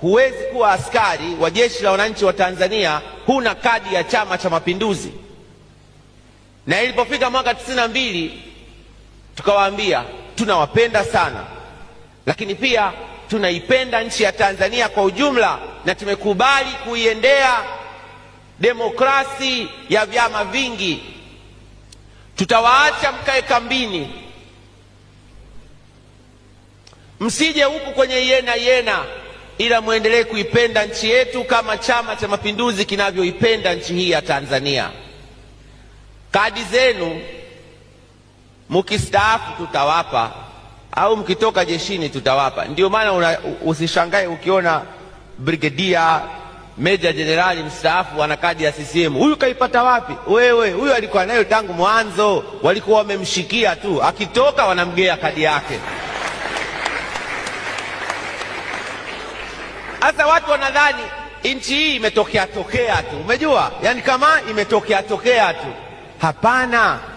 Huwezi kuwa askari wa jeshi la wananchi wa Tanzania huna kadi ya Chama cha Mapinduzi. Na ilipofika mwaka tisini na mbili tukawaambia tunawapenda sana, lakini pia tunaipenda nchi ya Tanzania kwa ujumla, na tumekubali kuiendea demokrasi ya vyama vingi. Tutawaacha mkae kambini, msije huku kwenye yena yena ila mwendelee kuipenda nchi yetu kama Chama cha Mapinduzi kinavyoipenda nchi hii ya Tanzania. Kadi zenu mkistaafu tutawapa, au mkitoka jeshini tutawapa. Ndio maana usishangae ukiona brigedia meja jenerali mstaafu ana kadi ya CCM. Huyu kaipata wapi? Wewe, huyu alikuwa nayo tangu mwanzo, walikuwa wamemshikia tu, akitoka wanamgea kadi yake. hasa watu wanadhani nchi hii imetokea tokea tu, umejua, yaani kama imetokea tokea tu. Hapana.